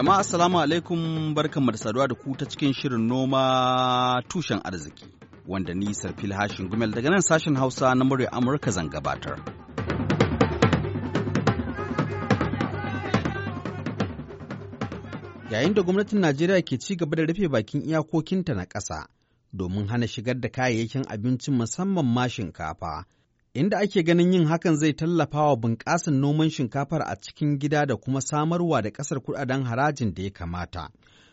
Jama'a assalamu alaikum mu da saduwa da ku ta cikin shirin noma tushen arziki wanda ni Sarfil Hashin Gumel daga nan sashen Hausa na murya Amurka zan gabatar. Yayin da gwamnatin Najeriya ke ci gaba da rufe bakin iyakokinta na ƙasa domin hana shigar da kayayyakin abincin musamman ma shinkafa inda ake ganin yin hakan zai tallafa wa bunƙasan noman shinkafar a cikin gida da kuma samarwa da ƙasar kuɗaɗen harajin da ya kamata.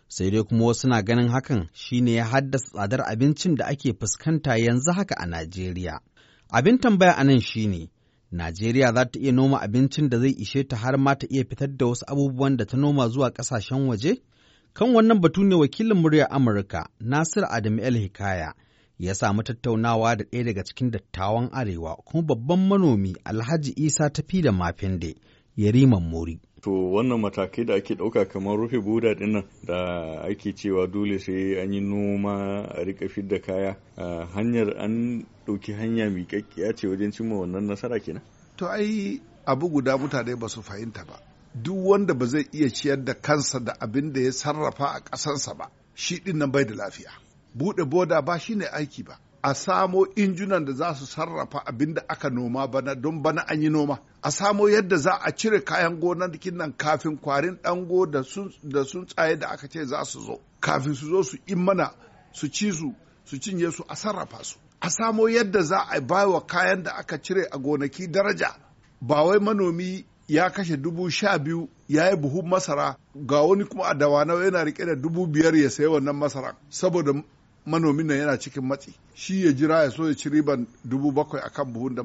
Sai dai kuma wasu na ganin hakan shi ne ya haddasa tsadar abincin da ake fuskanta yanzu haka a Najeriya. Abin tambaya a nan shine, Najeriya za ta iya noma abincin da zai ishe ta har ma ta iya fitar da wasu abubuwan da ta noma zuwa ƙasashen waje? Kan wannan batu ne wakilin murya Amurka, Nasir Adam El Hikaya, ya samu tattaunawa da ɗaya daga cikin dattawan arewa kuma babban manomi alhaji isa tafi da mafinde yariman mori to wannan matakai da ake ɗauka kamar rufe buda dinnan da ake cewa dole sai an yi noma a rika da kaya hanyar an ɗauki hanya miƙaƙƙiya ce wajen cimma wannan nasara kenan to ai abu guda mutane ba su fahimta ba duk wanda ba zai iya ciyar da kansa da abin da ya sarrafa a ƙasarsa ba shi ɗin nan bai da lafiya buɗe boda ba shine aiki ba a samo injunan da za su sarrafa abin da aka noma bana don bana an yi noma a samo yadda za a cire kayan gonakin nan kafin kwarin dango da sun tsaye da aka ce za su zo kafin su zo su mana su ci su su cinye su a sarrafa su a samo yadda za a wa kayan da aka cire a gonaki daraja ba wai manomi ya kashe dubu sha biyu ya yi buhun masara ga wani kuma a dawana yana rike da dubu biyar ya sayi wannan masara saboda manomin nan yana cikin matsi shi ya jira ya so ya ci riban dubu bakwai a kan buhun da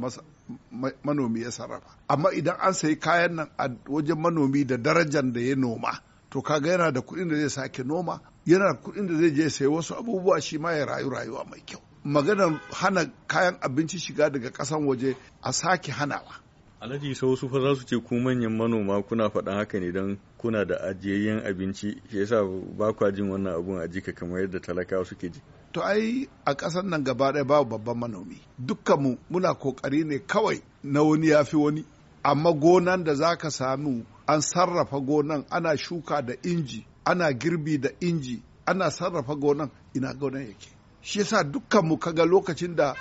manomi ya sarrafa amma idan an sayi kayan nan a wajen manomi da darajar da ya noma to kaga yana da kuɗin da zai sake noma yana da kuɗin da zai je sayi wasu abubuwa shi ma ya rayu rayuwa mai kyau maganar hana kayan abinci shiga daga kasan waje a sake hanawa Alhaji sau su fa za su ce ku manyan manoma kuna faɗan haka ne don kuna da ajiyayyen abinci shi yasa ba kwa jin wannan abun a jika kamar yadda talakawa suke ji. To ai a ƙasar nan gaba ɗaya babu babban manomi. Dukkanmu muna kokari ne kawai na wani ya fi wani. Amma gonan da za ka samu an sarrafa gonan ana shuka da inji ana girbi da inji ana sarrafa gonan ina gonan yake. Shi yasa dukkanmu kaga lokacin da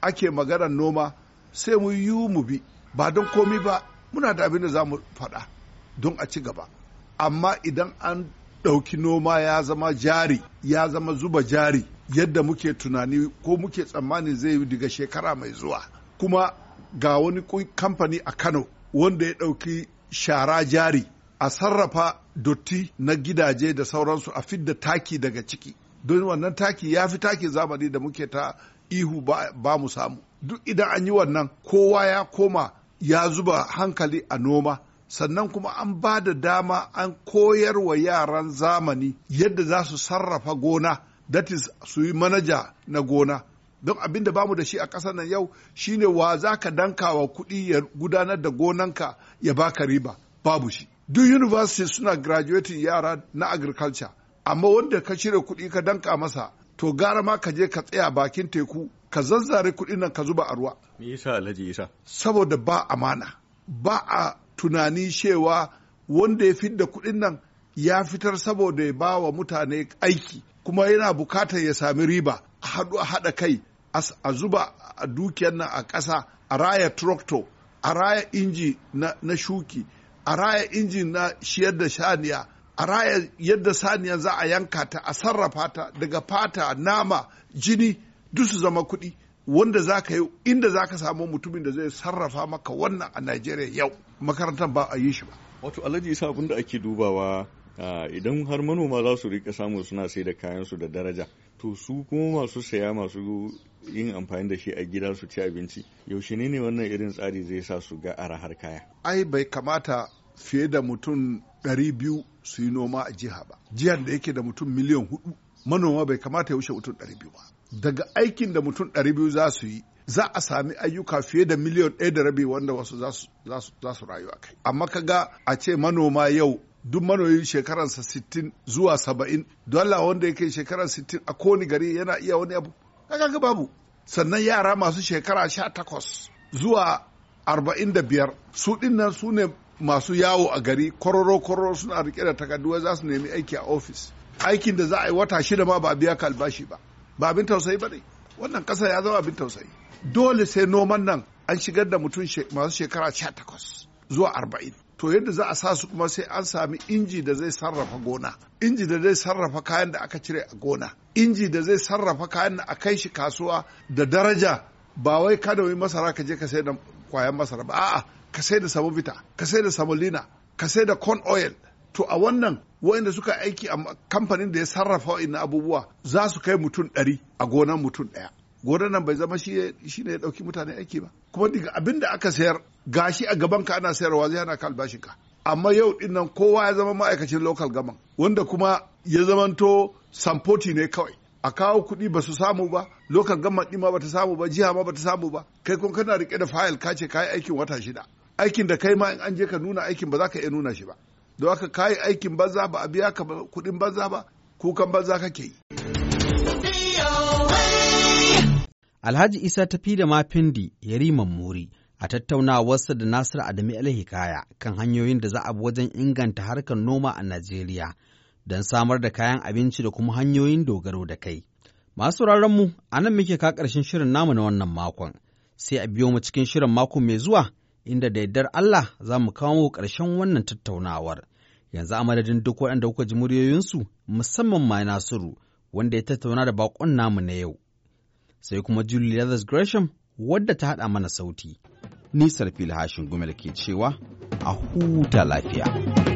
ake maganar noma sai mu yi mu bi ba don komi ba muna da abin da za mu faɗa don a ci gaba amma idan an ɗauki noma ya zama jari ya zama zuba jari yadda muke tunani ko muke tsammani zai yi daga shekara mai zuwa kuma ga wani kamfani a kano wanda ya ɗauki shara jari a sarrafa dotti na gidaje da sauransu a fidda taki daga ciki don wannan taki ya fi taki zamani da muke ta ihu ba mu samu duk idan an yi wannan kowa ya koma ya zuba hankali a noma sannan kuma an ba da dama an koyar wa yaran zamani yadda za su sarrafa gona that is su yi manaja na gona don abin da bamu da shi a ƙasar nan yau shine wa za ka dankawa kuɗi ya gudanar da gonanka ya baka riba babu shi duk university suna graduating yara na agriculture amma wanda ka cire kuɗi ka danka masa to gara ma ka je ka tsaya bakin teku ka zazzare kuɗin nan ka zuba a ruwa me yasa alhaji isa saboda ba amana ba a tunani cewa wanda ya fidda kuɗin nan ya fitar saboda ya ba wa mutane aiki kuma yana bukatar ya sami riba a haɗu a haɗa kai a zuba a dukiyar nan a ƙasa a raya tractor a raya inji na, shuki a raya inji na shiyar da shaniya a raya yadda saniya za a yanka ta a sarrafa ta daga fata nama jini duk su zama kuɗi wanda za ka yi inda za ka samu mutumin da zai sarrafa maka wannan a Najeriya yau makarantar ba a yi shi ba. Wato Alhaji Isa abin da ake dubawa idan har manoma za su rika samu suna sai da kayansu da daraja to su kuma masu saya masu yin amfani da shi a gida su ci abinci yaushe ne ne wannan irin tsari zai sa su ga arahar kaya. Ai bai kamata fiye da mutum ɗari biyu su yi noma a jiha ba. Jihar da yake da mutum miliyan hudu manoma bai kamata ya wuce mutum ɗari biyu ba. daga aikin da mutum 200 za su yi za a sami ayyuka fiye da miliyan ɗaya da rabi wanda wasu za su rayu a kai amma kaga a ce manoma yau duk manoyin shekaransa 60 zuwa 70 dola wanda yake shekarar 60 a kowane gari yana iya wani abu kaga ga babu sannan yara masu shekara 18 zuwa 45 su nan su ne masu yawo a gari kororo-kororo suna rike da takardu za su nemi aiki a ofis aikin da za a yi wata shida ma ba biya ka albashi ba ba abin tausayi ba ne wannan ƙasa ya zama abin tausayi dole sai noman nan an shigar da mutum masu shekara 18 zuwa 40 to yadda za a sa su kuma sai an sami inji da zai sarrafa gona inji da zai sarrafa kayan da aka cire a gona inji da zai sarrafa kayan da a kai shi kasuwa da daraja ba wai kada wai masara ka je ka sai da kwayan masara ba a'a ka sai da samobita ka sai da samolina ka sai da corn oil to a wannan wayanda suka aiki a kamfanin da ya sarrafa wa'annan abubuwa za su kai mutum ɗari a gonan mutum ɗaya Gonan nan bai zama shi ne ya ɗauki mutane aiki ba kuma daga abin da aka sayar gashi a gaban ka ana sayarwa zai hana ka albashinka amma yau ɗinnan kowa ya zama ma'aikacin local gaman wanda kuma ya zamanto samfoti ne kawai a kawo kuɗi ba su samu ba local gaman ɗin ma ba ta samu ba jiha ma ba ta samu ba kai kun kana rike da fayil ka ce ka yi aikin wata shida aikin da kai ma in an je ka nuna aikin ba za ka iya nuna shi ba don haka kayi aikin banza ba a biya ka kuɗin banza ba kukan banza kake yi. Alhaji Isa tafi da mafindi Yariman Muri a tattaunawarsa da Nasiru Adami Alhikaya kan hanyoyin da za a bi wajen inganta harkar noma a Najeriya don samar da kayan abinci da kuma hanyoyin dogaro da kai. Masu mu a nan muke ka ƙarshen shirin namu na wannan makon, sai a biyo mu cikin shirin mako mai zuwa inda da yardar Allah za mu kawo ƙarshen wannan tattaunawar. Yanzu a madadin duk waɗanda kuka ji muryoyinsu musamman ma Nasiru wanda ya tattauna da baƙon namu na yau. Sai kuma Julie Leathers Gresham wadda ta haɗa mana sauti. Nisar fili hashin gumel ke cewa a huta lafiya.